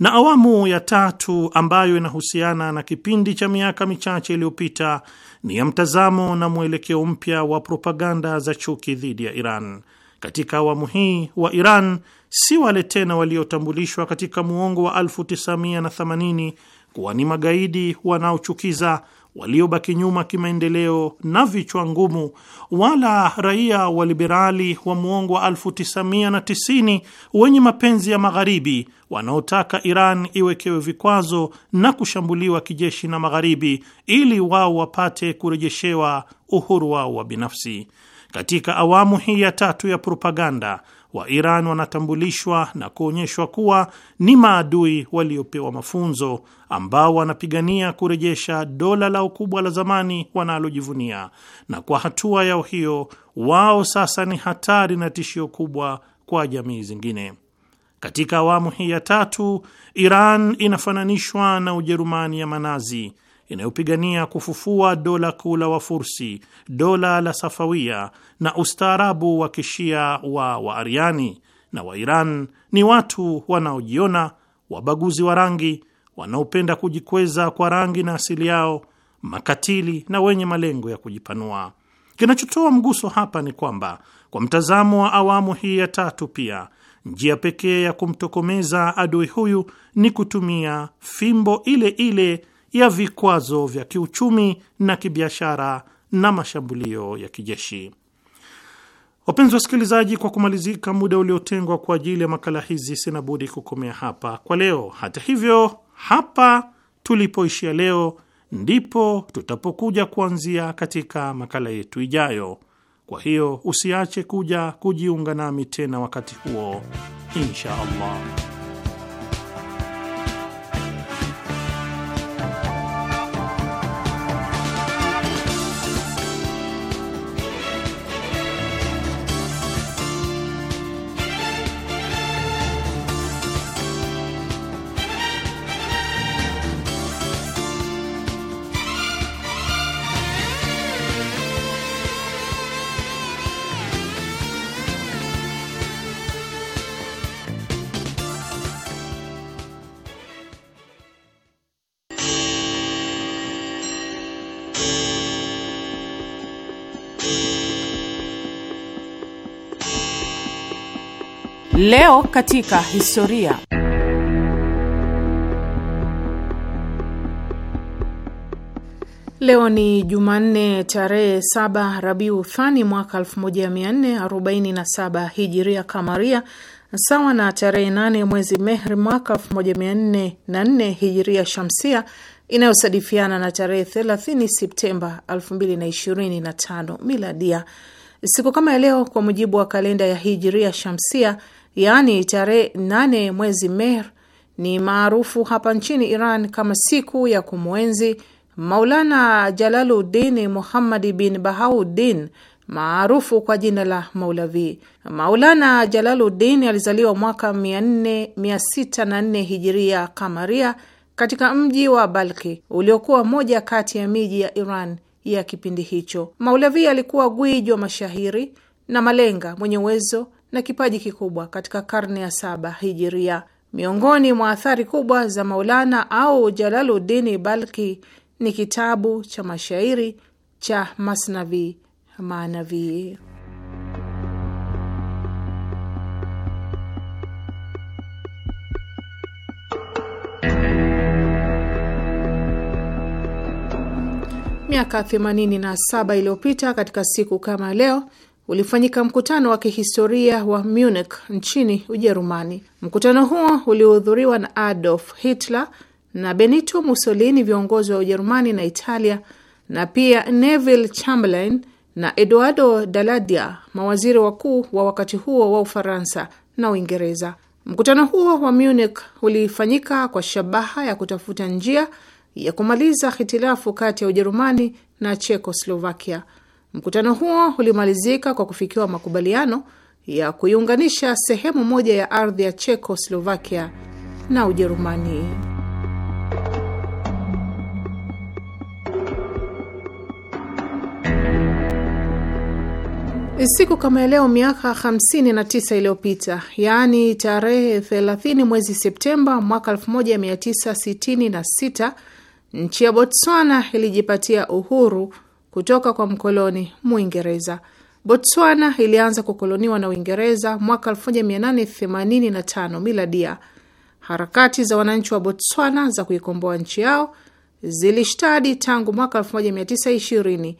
Na awamu ya tatu ambayo inahusiana na kipindi cha miaka michache iliyopita ni ya mtazamo na mwelekeo mpya wa propaganda za chuki dhidi ya Iran. Katika awamu hii wa Iran si wale tena waliotambulishwa katika muongo wa 1980 kuwa ni magaidi wanaochukiza waliobaki nyuma kimaendeleo na vichwa ngumu, wala raia wa liberali wa muongo wa 1990 wenye mapenzi ya magharibi wanaotaka Iran iwekewe vikwazo na kushambuliwa kijeshi na magharibi ili wao wapate kurejeshewa uhuru wao wa binafsi. Katika awamu hii ya tatu ya propaganda, wa Iran wanatambulishwa na kuonyeshwa kuwa ni maadui waliopewa mafunzo ambao wanapigania kurejesha dola lao kubwa la zamani wanalojivunia, na kwa hatua yao hiyo wao sasa ni hatari na tishio kubwa kwa jamii zingine. Katika awamu hii ya tatu, Iran inafananishwa na Ujerumani ya Manazi inayopigania kufufua dola kuu la Wafursi, dola la Safawia na ustaarabu wa kishia wa Waariani. Na Wairan ni watu wanaojiona wabaguzi wa rangi, wanaopenda kujikweza kwa rangi na asili yao, makatili na wenye malengo ya kujipanua. Kinachotoa mguso hapa ni kwamba kwa mtazamo wa awamu hii ya tatu, pia njia pekee ya kumtokomeza adui huyu ni kutumia fimbo ile ile ya vikwazo vya kiuchumi na kibiashara na mashambulio ya kijeshi. Wapenzi wasikilizaji, kwa kumalizika muda uliotengwa kwa ajili ya makala hizi, sina budi kukomea hapa kwa leo. Hata hivyo, hapa tulipoishia leo ndipo tutapokuja kuanzia katika makala yetu ijayo. Kwa hiyo usiache kuja kujiunga nami tena wakati huo, insha Allah. Leo katika historia. Leo ni Jumanne tarehe saba Rabiu Thani mwaka 1447 Hijiria Kamaria, sawa na tarehe 8 mwezi Mehri mwaka 1404 Hijiria Shamsia, inayosadifiana na tarehe 30 Septemba 2025 Miladia. Siku kama ya leo kwa mujibu wa kalenda ya Hijiria Shamsia yaani tarehe nane mwezi Mehr ni maarufu hapa nchini Iran kama siku ya kumwenzi Maulana Jalaluddin Muhammadi bin Bahauddin maarufu kwa jina la Maulavi. Maulana Jalaluddin alizaliwa mwaka 464 hijiria kamaria katika mji wa Balki uliokuwa moja kati ya miji ya Iran ya kipindi hicho. Maulavi alikuwa gwiji wa mashahiri na malenga mwenye uwezo na kipaji kikubwa katika karne ya saba hijiria. Miongoni mwa athari kubwa za Maulana au Jalaludini Balki ni kitabu cha mashairi cha Masnavi Manavi. Miaka 87 iliyopita katika siku kama leo ulifanyika mkutano wa kihistoria wa Munich nchini Ujerumani. Mkutano huo ulihudhuriwa na Adolf Hitler na Benito Mussolini, viongozi wa Ujerumani na Italia, na pia Neville Chamberlain na Eduardo Daladia, mawaziri wakuu wa wakati huo wa Ufaransa na Uingereza. Mkutano huo wa Munich ulifanyika kwa shabaha ya kutafuta njia ya kumaliza hitilafu kati ya Ujerumani na Chekoslovakia. Mkutano huo ulimalizika kwa kufikiwa makubaliano ya kuiunganisha sehemu moja ya ardhi ya Chekoslovakia na Ujerumani. Siku kama leo miaka 59 iliyopita, yaani tarehe 30 mwezi Septemba mwaka 1966, nchi ya Botswana ilijipatia uhuru kutoka kwa mkoloni Muingereza. Botswana ilianza kukoloniwa na Uingereza mwaka 1885 miladia. Harakati za wananchi wa Botswana za kuikomboa nchi yao zilishtadi tangu mwaka 1920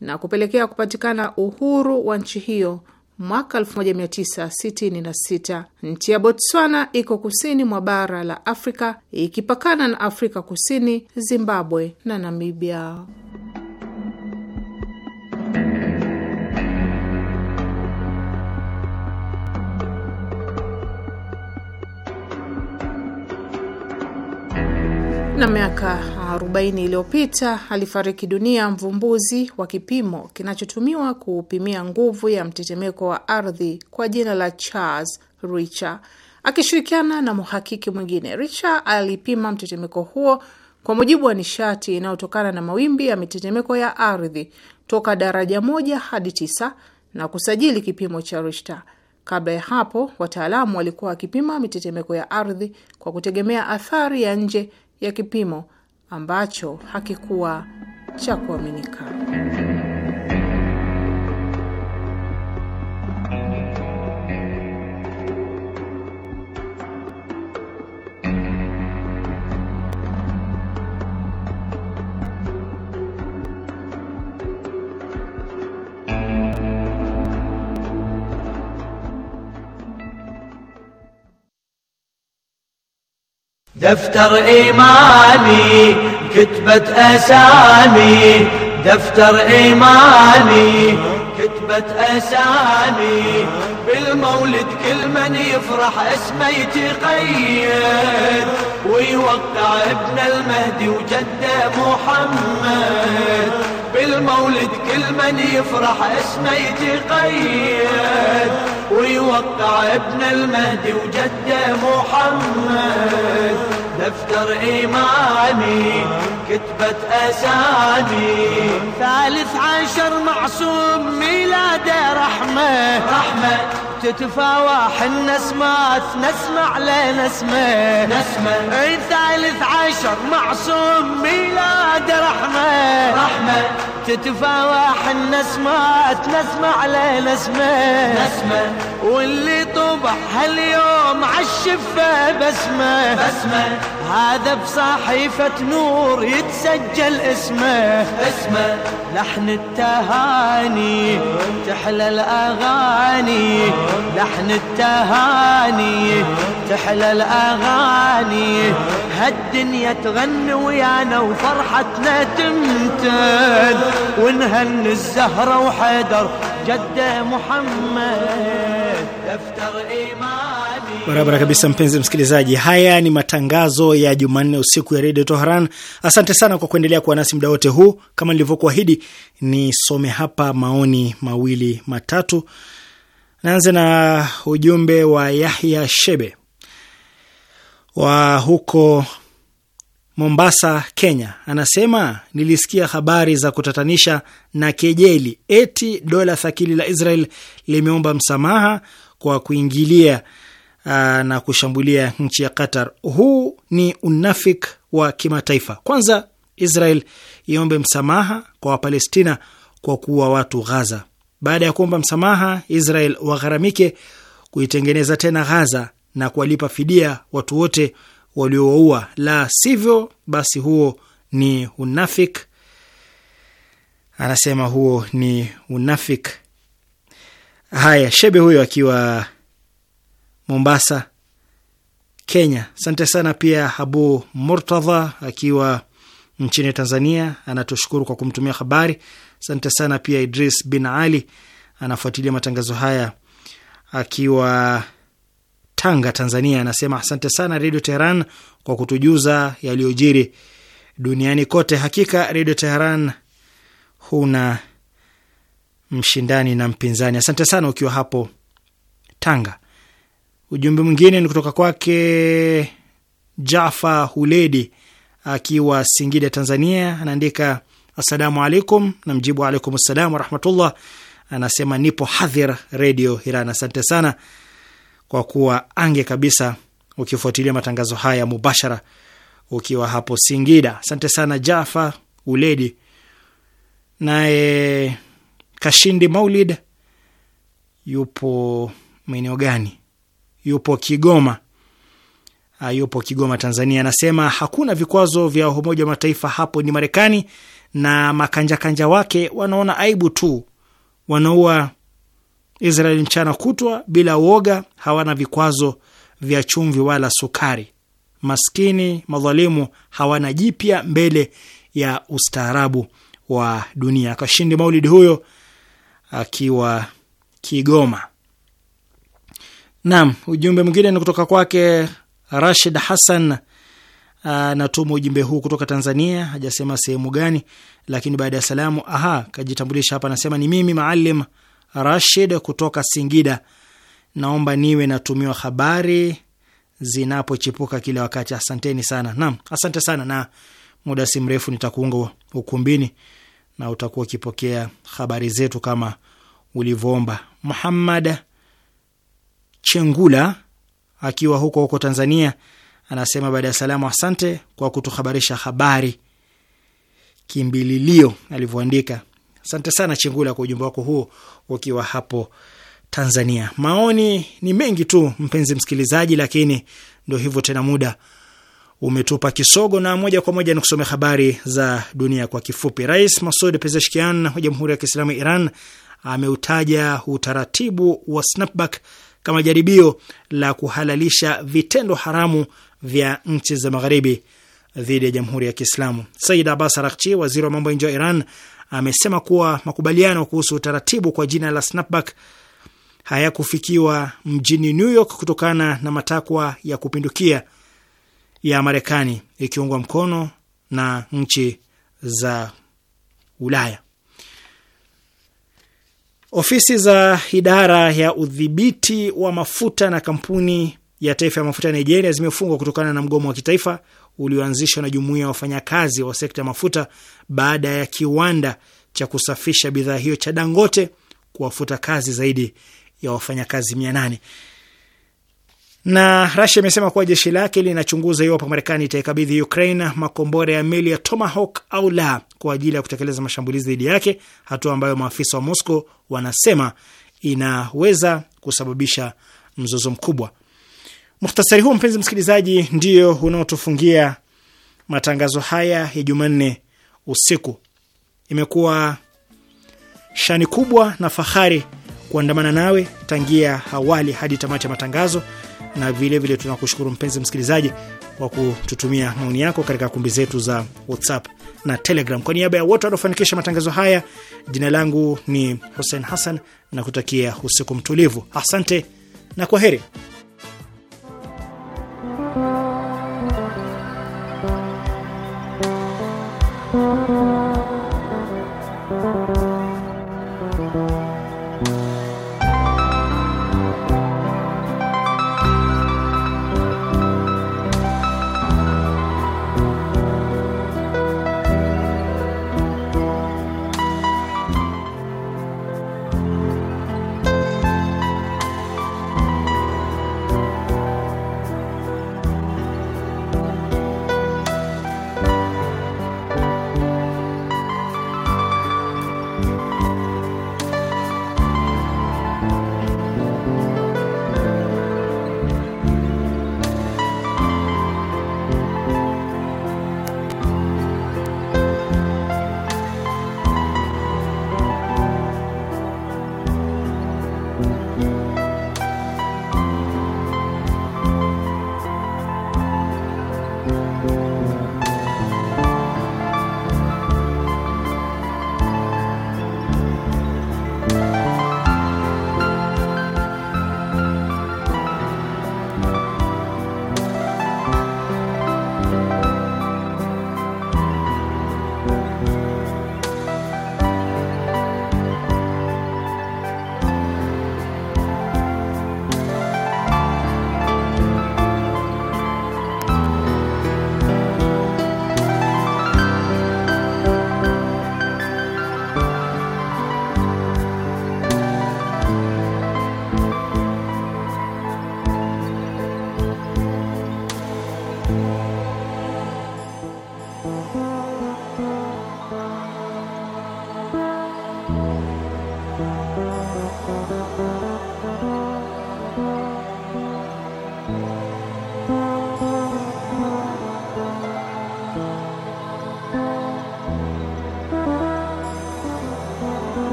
na kupelekea kupatikana uhuru wa nchi hiyo mwaka 1966. Nchi ya Botswana iko kusini mwa bara la Afrika ikipakana na Afrika Kusini, Zimbabwe na Namibia. na miaka 40 iliyopita alifariki dunia mvumbuzi wa kipimo kinachotumiwa kupimia nguvu ya mtetemeko wa ardhi kwa jina la Charles Richter. Akishirikiana na mhakiki mwingine, Richter alipima mtetemeko huo kwa mujibu wa nishati inayotokana na mawimbi ya mitetemeko ya ardhi toka daraja moja hadi tisa na kusajili kipimo cha Richter. Kabla ya hapo, wataalamu walikuwa wakipima mitetemeko ya ardhi kwa kutegemea athari ya nje ya kipimo ambacho hakikuwa cha kuaminika. دفتر إيماني كتبت أسامي دفتر إيماني كتبت أسامي بالمولد كل من يفرح اسمه يتقيد ويوقع ابن المهدي وجده محمد بالمولد كل من يفرح اسمه يتقيد ويوقع ابن المهدي وجده محمد دفتر إيماني كتبت أسامي ثالث عشر معصوم ميلاده رحمة رحمة تتفاوى النسمات نسمع لنا اسمه نسمع الثالث عشر معصوم ميلاد رحمة رحمة تتفاوى النسمات نسمع لنا اسمه نسمع واللي طبح هاليوم عالشفة بسمة بسمة هذا بصحيفة نور يتسجل اسمه اسمه لحن التهاني تحلى الأغاني لحن التهاني تحلى الأغاني هالدنيا تغني ويانا وفرحتنا تمتد ونهن الزهرة وحيدر جده محمد دفتر إيمان Barabara kabisa, mpenzi msikilizaji. Haya ni matangazo ya Jumanne usiku ya redio Toharan. Asante sana kwa kuendelea kuwa nasi muda wote huu. Kama nilivyokuahidi, nisome hapa maoni mawili matatu. Naanze na ujumbe wa Yahya Shebe wa huko Mombasa, Kenya. Anasema nilisikia habari za kutatanisha na kejeli, eti dola thakili la Israel limeomba msamaha kwa kuingilia Uh, na kushambulia nchi ya Qatar. Huu ni unafik wa kimataifa. Kwanza, Israel iombe msamaha kwa Wapalestina kwa kuua watu Ghaza. Baada ya kuomba msamaha, Israel wagharamike kuitengeneza tena Ghaza na kuwalipa fidia watu wote waliowaua, la sivyo basi huo ni unafik. Anasema huo ni unafik. Haya, Shebe huyo akiwa Mombasa, Kenya. Asante sana pia Abu Murtadha akiwa nchini Tanzania, anatushukuru kwa kumtumia habari. Asante sana pia Idris bin Ali anafuatilia matangazo haya akiwa Tanga, Tanzania. Anasema asante sana Redio Teheran kwa kutujuza yaliyojiri duniani kote. Hakika Redio Teheran huna mshindani na mpinzani. Asante sana ukiwa hapo Tanga. Ujumbe mwingine ni kutoka kwake Jafa Huledi akiwa Singida, Tanzania. Anaandika assalamu alaikum, na mjibu alaikum assalam warahmatullah. Anasema nipo hadhir redio Iran. Asante sana kwa kuwa ange kabisa ukifuatilia matangazo haya mubashara ukiwa hapo Singida. Asante sana Jafa Uledi. Naye Kashindi Maulid yupo maeneo gani? yupo Kigoma, ah, yupo Kigoma, Tanzania. Anasema hakuna vikwazo vya Umoja wa Mataifa, hapo ni Marekani na makanjakanja wake wanaona aibu tu, wanaua israel mchana kutwa bila uoga, hawana vikwazo vya chumvi wala sukari. Maskini madhalimu hawana jipya mbele ya ustaarabu wa dunia. Kashindi Maulidi huyo akiwa Kigoma. Naam, ujumbe mwingine ni kutoka kwake Rashid Hassan anatuma ujumbe huu kutoka Tanzania, hajasema sehemu gani, lakini baada ya salamu, aha, kajitambulisha hapa, anasema ni mimi Maalim Rashid kutoka Singida, naomba niwe natumiwa habari zinapochipuka kila wakati. Asanteni sana. Naam, asante sana, na muda si mrefu nitakuunga ukumbini na utakuwa ukipokea habari zetu kama ulivyoomba. Muhammad Chengula akiwa huko huko Tanzania anasema baada ya salamu, asante kwa kutuhabarisha habari kimbililio, alivyoandika. Asante sana Chengula kwa ujumbe wako huo ukiwa hapo Tanzania. Maoni ni mengi tu mpenzi msikilizaji, lakini ndio hivyo tena, muda umetupa kisogo, na moja kwa moja nikusomea habari za dunia kwa kifupi. Rais Masoud Pezeshkian wa Jamhuri ya Kiislamu ya Iran ameutaja utaratibu wa snapback kama jaribio la kuhalalisha vitendo haramu vya nchi za magharibi dhidi ya jamhuri ya Kiislamu. Said Abbas arakchi waziri wa mambo ya nje wa Iran, amesema kuwa makubaliano kuhusu utaratibu kwa jina la snapback hayakufikiwa mjini New York kutokana na matakwa ya kupindukia ya Marekani ikiungwa mkono na nchi za Ulaya. Ofisi za idara ya udhibiti wa mafuta na kampuni ya taifa ya mafuta ya Nigeria zimefungwa kutokana na mgomo wa kitaifa ulioanzishwa na jumuiya ya wafanyakazi wa sekta ya mafuta baada ya kiwanda cha kusafisha bidhaa hiyo cha Dangote kuwafuta kazi zaidi ya wafanyakazi mia nane. Na Rasia imesema kuwa jeshi lake linachunguza iwapo Marekani itaikabidhi Ukraine makombora ya meli ya Tomahawk au la kwa ajili ya kutekeleza mashambulizi dhidi yake, hatua ambayo maafisa wa Moscow wanasema inaweza kusababisha mzozo mkubwa. Muhtasari huu mpenzi msikilizaji, ndio unaotufungia matangazo haya ya Jumanne usiku. Imekuwa shani kubwa na fahari kuandamana nawe tangia awali hadi tamati ya matangazo, na vilevile tunakushukuru mpenzi msikilizaji kwa kututumia maoni yako katika kumbi zetu za WhatsApp na Telegram. Kwa niaba ya wote wanaofanikisha matangazo haya, jina langu ni Hussein Hassan na kutakia usiku mtulivu. Asante na kwa heri.